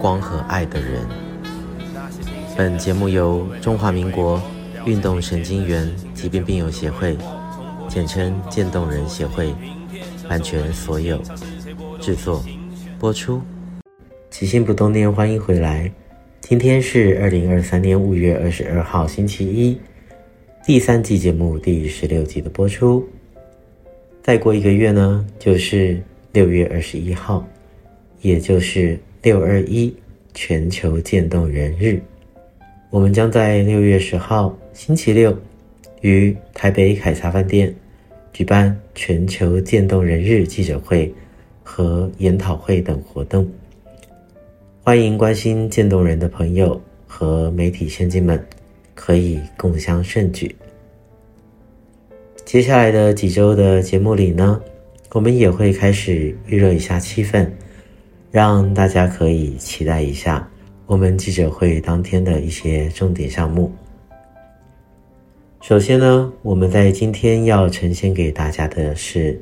光和愛的人。本節目由中華民國運動神經元疾病病友協會，簡稱漸凍人協會，版權所有制作播出。起心不凍念，歡迎回來。今天是二零二三年五月二十二號星期一，第三季節目第十六集的播出。再過一個月呢，就是六月二十一號，也就是。六二一全球漸凍人日，我們將在六月十號星期六於台北凱撒飯店舉辦全球漸凍人日記者會和研討會等活動。歡迎關心漸凍人的朋友和媒體先進們，可以共襄盛舉。接下來的幾周的節目裡呢，我們也會開始預熱一下氣氛。讓大家可以期待一下，我們記者會當天的一些重點項目。首先呢，我們在今天要呈現給大家的是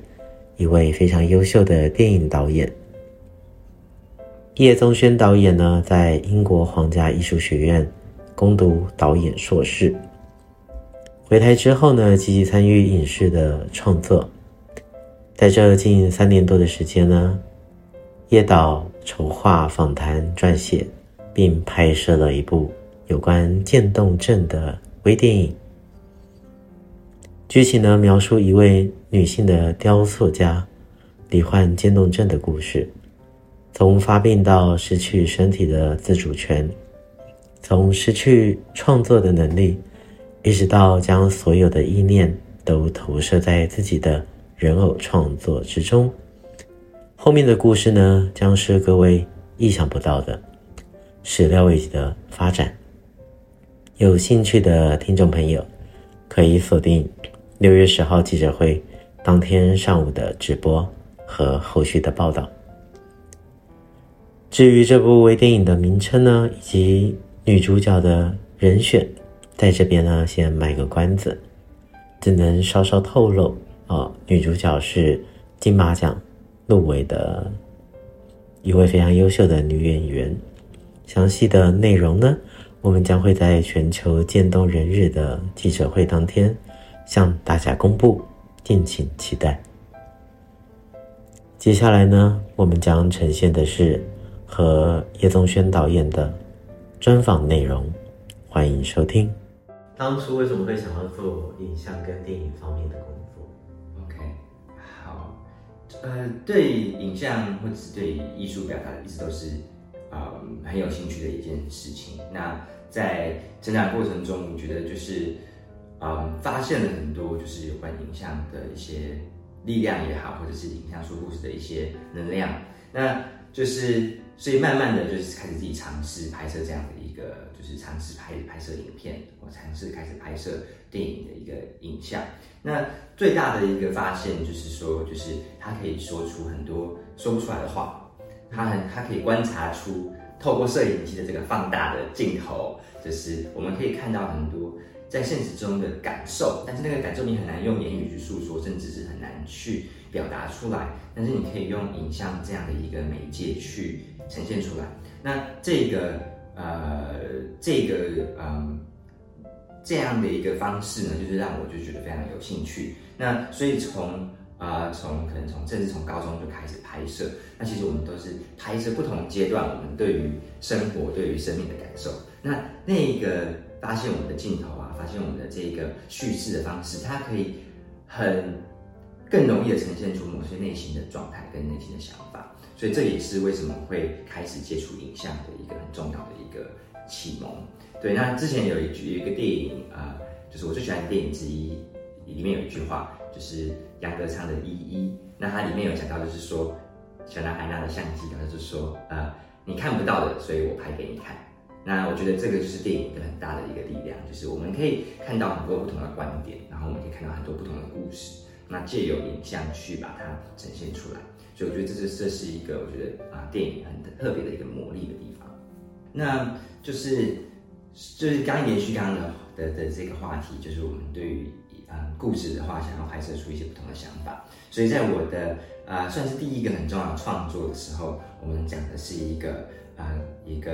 一位非常優秀的電影導演——葉宗軒導演呢，在英國皇家藝術學院攻讀導演碩士，回台之後呢，積極參與影視的創作，在這近三年多的時間呢。葉導籌劃、訪談、撰寫，並拍攝了一部有關漸凍症的微電影。劇情呢，描述一位女性的雕塑家罹患漸凍症的故事，從發病到失去身體的自主權，從失去創作的能力，一直到將所有的意念都投射在自己的人偶創作之中。後面的故事呢，將是各位意想不到的、始料未及的發展。有興趣的聽眾朋友，可以鎖定六月十號記者會當天上午的直播和後續的報道。至於這部微電影的名稱呢，以及女主角的人選，在這邊呢，先賣個關子，只能稍稍透露哦。女主角是金馬獎，入圍的一位非常優秀的女演員，詳細的內容呢，我們將會在全球漸凍人日的記者會當天向大家公布，敬請期待。接下來呢，我們將呈現的是和葉宗軒導演的專訪內容，歡迎收聽。當初為什麼會想要做影像跟電影方面的工作？呃，對影像或者對藝術表達，一直都是啊、呃、很有興趣的一件事情。那在成長過程中，我覺得就是嗯、呃，發現了很多就是有關影像的一些力量也好，或者是影像說故事的一些能量。那就是，所以慢慢的就是開始自己嘗試拍攝這樣的一個，就是嘗試拍拍攝影片，我嘗試開始拍攝電影的一個影像。那最大的一個發現就是說，就是他可以說出很多說不出來的話，他很他可以觀察出透過攝影機的這個放大的鏡頭，就是我們可以看到很多在現實中的感受，但是那個感受你很難用言語去訴說，甚至是很難去。表達出來，但是你可以用影像這樣的一個媒介去呈現出來。那這個呃，這個嗯、呃，這樣的一個方式呢，就是讓我就覺得非常有興趣。那所以從啊，從、呃、可能從甚至從高中就開始拍攝。那其實我們都是拍攝不同階段，我們對於生活、對於生命的感受。那那個發現我們的鏡頭啊，發現我們的這個敘事的方式，它可以很。更容易的呈現出某些內心的狀態跟內心的想法，所以這也是為什麼會開始接觸影像的一個很重要的一個啟蒙。對，那之前有一句有一個電影啊、呃，就是我最喜歡的電影之一，裡面有一句話，就是楊德昌的《一一》。那它裡面有講到，就是說小男孩拿着相機，他就是說啊、呃，你看不到的，所以我拍給你看。那我覺得這個就是電影的很大的一個力量，就是我們可以看到很多不同的觀點，然後我們可以看到很多不同的故事。那借由影像去把它呈現出來，所以我覺得這是這是一個我覺得啊電影很特別的一個魔力的地方。那就是就是剛延續剛剛的的的這個話題，就是我們對於嗯故事的話，想要拍攝出一些不同的想法。所以在我的算是第一個很重要的創作的時候，我們講的是一個啊一個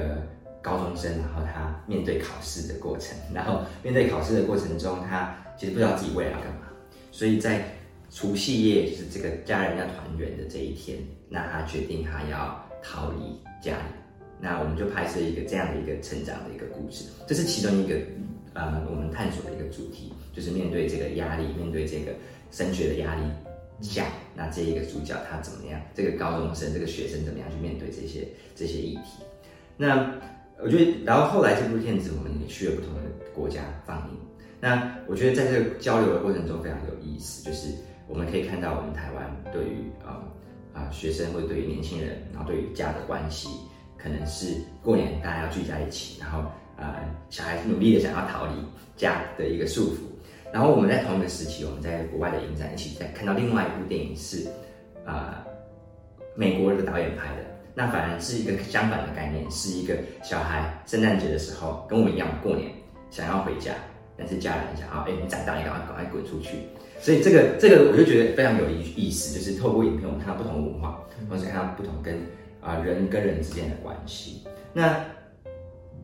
高中生，然後他面對考試的過程，然後面對考試的過程中，他其實不知道自己未來要幹嘛，所以在除夕夜，就是這個家人要團圓的這一天，那他決定他要逃離家裡，那我們就拍攝一個這樣的一個成長的一個故事，這是其中一個，嗯，我們探索的一個主題，就是面對這個壓力，面對這個升學的壓力下，那這一個主角他怎麼樣，這個高中生這個學生怎麼樣去面對這些這些議題？那我覺得，然後後來這部片子我們也去了不同的國家放映，那我覺得在這個交流的過程中非常有意思，就是。我們可以看到，我們台灣對於、呃、啊啊學生，或對於年輕人，然後對於家的關係，可能是過年大家要聚在一起，然後啊、呃、小孩子努力的想要逃離家的一個束縛。然後我們在同一個時期，我們在國外的影展一起再看到另外一部電影是啊、呃、美國的導演拍的，那反而是一個相反的概念，是一個小孩聖誕節的時候跟我們一樣過年想要回家。但是家人一下，哎、欸，你長大你趕快趕快滾出去。所以這個這個我就覺得非常有意意思，就是透過影片，我們看到不同文化，同時看到不同跟、啊、呃、人跟人之間的關係。那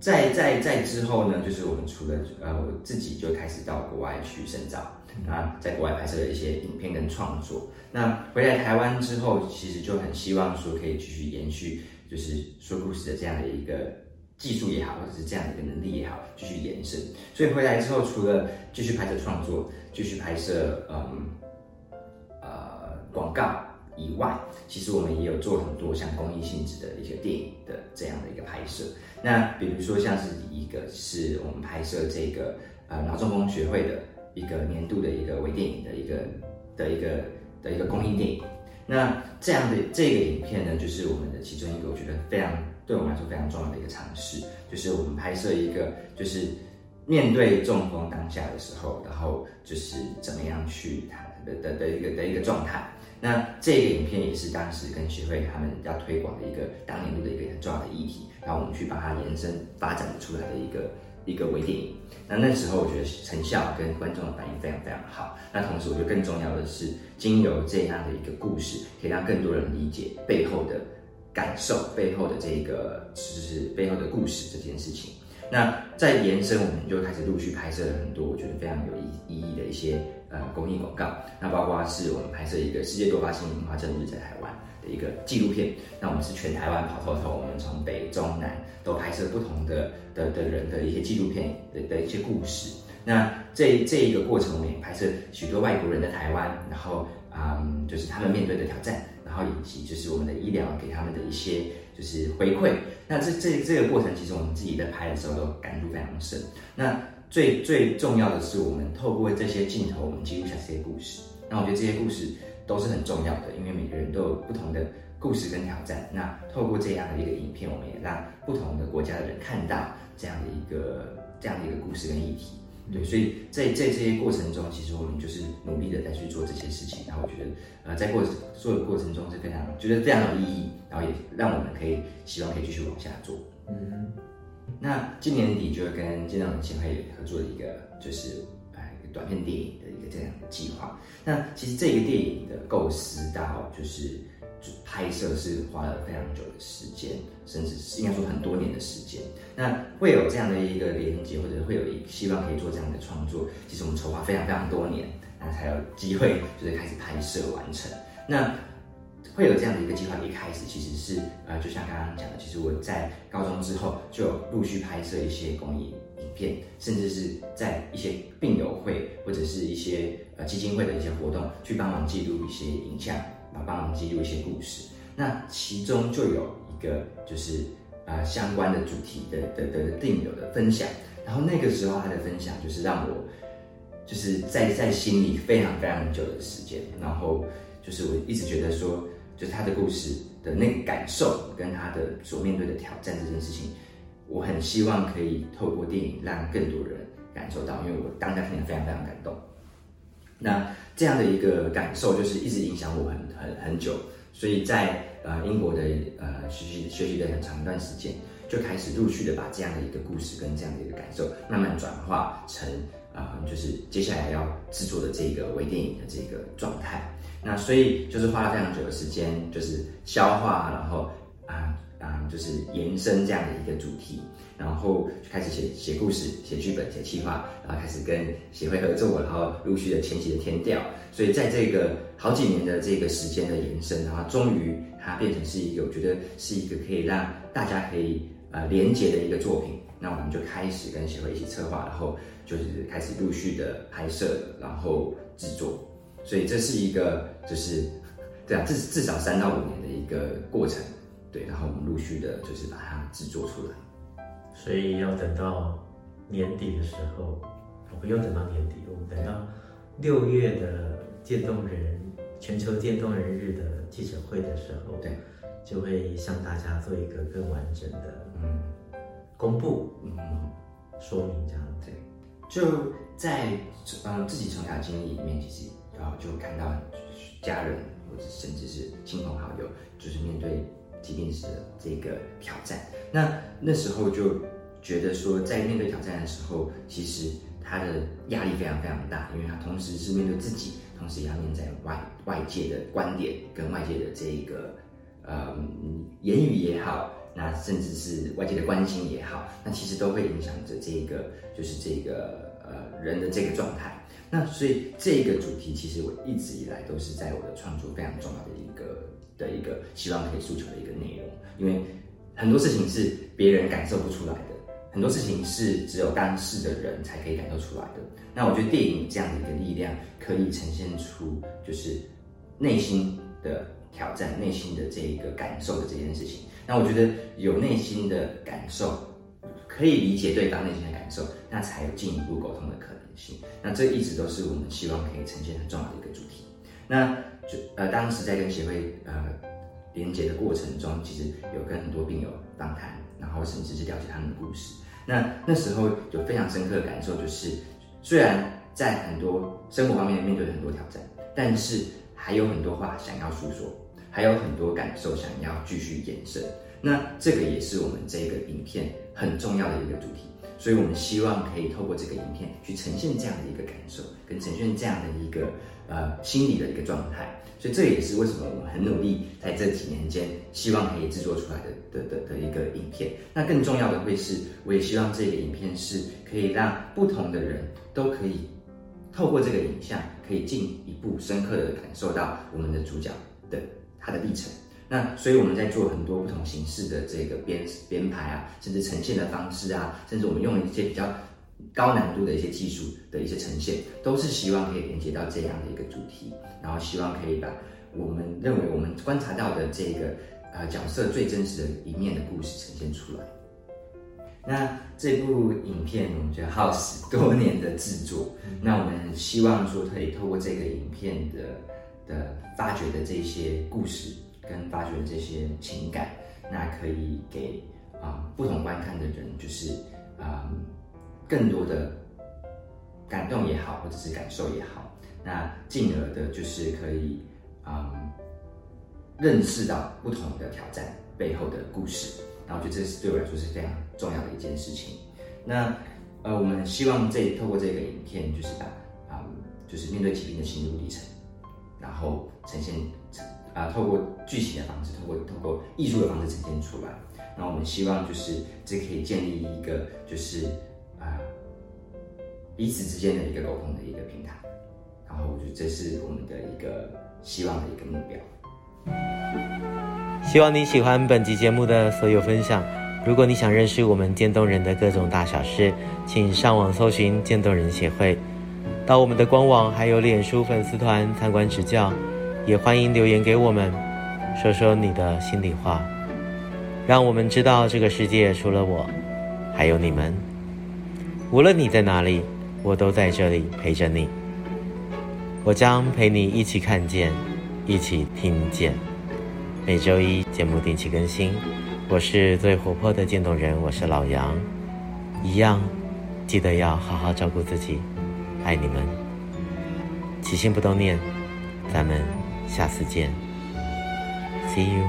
在在在之後呢，就是我們除了呃我自己就開始到國外去深造，啊，在國外拍攝了一些影片跟創作。那回來台灣之後，其實就很希望說可以繼續延續，就是說故事的這樣的一個。技術也好，或者是這樣的一個能力也好，繼續延伸。所以回來之後，除了繼續拍攝創作、繼續拍攝，嗯，呃，廣告以外，其實我們也有做很多像公益性質的一些電影的這樣的一個拍攝。那比如說像是一個，是我們拍攝這個呃腦中風學會的一個年度的一個微電影的一個的一個的一個，的一個公益電影。那這樣的這個影片呢，就是我們的其中一個，我覺得非常。對我們來說非常重要的一個嘗試，就是我們拍攝一個，就是面對中風當下的時候，然後就是怎麼樣去談的的的一個的一個狀態。那這個影片也是當時跟協會他們要推廣的一個當年度的一個很重要的議題，然後我們去把它延伸發展出來的一個一個微電影。那那時候我覺得成效跟觀眾的反應非常非常好。那同時我覺得更重要的是，經由這樣的一個故事，可以讓更多人理解背後的。感受背後的這個就是背後的故事這件事情。那在延伸，我們就開始陸續拍攝了很多我覺得非常有意意義的一些呃公益廣告。那包括是我們拍攝一個世界多發性硬化症日在台灣的一個紀錄片。那我們是全台灣跑透透，我們從北中南都拍攝不同的的的人的一些紀錄片的的一些故事。那這這一個過程裡面拍攝許多外國人的台灣，然後。嗯，um，就是他們面對的挑戰，嗯，然後以及就是我們的醫療給他們的一些就是回饋。那這這這個過程，其實我們自己在拍的時候都感觸非常深。那最最重要的是，我們透過這些鏡頭，我們記錄下這些故事。那我覺得這些故事都是很重要的，因為每個人都有不同的故事跟挑戰。那透過這樣的一個影片，我們也讓不同的國家的人看到這樣的一個這樣的一個故事跟議題。對，所以在在這些過程中，其實我們就是努力的在去做這些事情。然後我覺得，呃，在過做的過程中是非常覺得、就是、非常有意義，然後也讓我們可以希望可以繼續往下做。嗯，那今年底就會跟漸凍人協會合作的一個就是呃短片電影的一個這樣的計劃。那其實這個電影的構思到就是。就拍攝是花了非常久的時間，甚至是應該說很多年的時間。那會有這樣的一個連接，或者會有一希望可以做這樣的創作。其實我們籌劃非常非常多年，那才有機會就是開始拍攝完成。那會有這樣的一個計劃一開始，其實是呃，就像剛剛講的，其實我在高中之後就陸續拍攝一些公益影片，甚至是在一些病友會或者是一些呃基金會的一些活動，去幫忙記錄一些影像。幫忙記錄一些故事，那其中就有一個就是啊、呃、相關的主題的的的,的電影有的分享，然後那個時候他的分享就是讓我就是在在心裡非常非常久的時間，然後就是我一直覺得說，就他的故事的那個感受跟他的所面對的挑戰這件事情，我很希望可以透過電影讓更多人感受到，因為我當下聽了非常非常感動。那這樣的一個感受，就是一直影響我很很很久，所以在呃英國的呃學習學習的很長一段時間，就開始陸續的把這樣的一個故事跟這樣的一個感受，慢慢轉化成啊、呃，就是接下來要製作的這個微電影的這個狀態。那所以就是花了非常久的時間，就是消化、啊，然後啊。啊，就是延伸這樣的一個主題，然後就開始寫寫故事、寫劇本、寫企劃，然後開始跟協會合作，然後陸續的前期的田調，所以在這個好幾年的這個時間的延伸，然後終於它變成是一個我覺得是一個可以讓大家可以啊、呃、連接的一個作品。那我們就開始跟協會一起策劃，然後就是開始陸續的拍攝，然後制作。所以這是一個就是這樣、啊、至至少三到五年的一個過程。對，然後我們陸續的就是把它製作出來，所以要等到年底的時候，我不用等到年底，我們等到六月的漸凍人全球漸凍人日的記者會的時候，對，就會向大家做一個更完整的嗯公布嗯說明這樣。對，就在嗯自己成長經歷裡面，其實然後就看到家人或者甚至是親朋好友，就是面對。疾病是的這個挑戰，那那時候就覺得說，在面對挑戰的時候，其實他的壓力非常非常大，因為他同時是面對自己，同時也要面對外外界的觀點跟外界的這個呃、嗯、言語也好。那甚至是外界的關心也好，那其實都會影響着這個，就是這個呃人的這個狀態。那所以這個主題，其實我一直以來都是在我的創作非常重要的一個的一個希望可以訴求的一個內容。因為很多事情是別人感受不出來的，很多事情是只有當事的人才可以感受出來的。那我覺得電影這樣的一個力量，可以呈現出就是內心的挑戰、內心的這個感受的這件事情。那我覺得有內心的感受，可以理解對方內心的感受，那才有進一步溝通的可能性。那這一直都是我們希望可以呈現很重要的一個主題。那就呃，當時在跟協會呃連接的過程中，其實有跟很多病友訪談，談，然後甚至是了解他們的故事。那那時候有非常深刻的感受，就是雖然在很多生活方面面對很多挑戰，但是還有很多話想要訴說。還有很多感受想要繼續延伸，那這個也是我們這個影片很重要的一個主題，所以我們希望可以透過這個影片去呈現這樣的一個感受，跟呈現這樣的一個呃心理的一個狀態，所以這也是為什麼我們很努力在這幾年間希望可以製作出來的的的的一個影片。那更重要的會是，我也希望這個影片是可以讓不同的人都可以透過這個影像，可以進一步深刻的感受到我們的主角的。它的歷程。那所以我們在做很多不同形式的這個編編排啊，甚至呈現的方式啊，甚至我們用一些比較高難度的一些技術的一些呈現，都是希望可以連接到這樣的一個主題，然後希望可以把我們認為我們觀察到的這個、呃、角色最真實的一面的故事呈現出來。那這部影片我們覺得耗時多年的制作，那我們希望說可以透過這個影片的。的發掘的這些故事跟發掘的這些情感，那可以給啊、呃、不同觀看的人，就是啊、呃、更多的感動也好，或者是感受也好，那進而的就是可以、呃、認識到不同的挑戰背後的故事，那我覺得這是對我來說是非常重要的一件事情。那呃我們希望這透過這個影片，就是把啊、呃、就是面對疾病的心路歷程。然後呈現，啊、呃，透過劇情的方式，透過透過藝術的方式呈現出來。那我們希望就是這可以建立一個就是啊、呃、彼此之間的一個溝通的一個平台。然後我覺得這是我們的一個希望的一個目標。希望你喜歡本集節目的所有分享。如果你想認識我們漸凍人的各種大小事，請上網搜尋漸凍人協會。到我們的官網還有臉書粉絲團參觀指教，也歡迎留言給我們，說說你的心裡話，讓我們知道這個世界除了我，還有你們。無論你在哪裡，我都在這裡陪着你。我將陪你一起看見，一起聽見。每周一節目定期更新，我是最活潑的漸凍人，我是老楊。一樣，記得要好好照顧自己。愛你們，起心不凍念，咱們下次見，See you。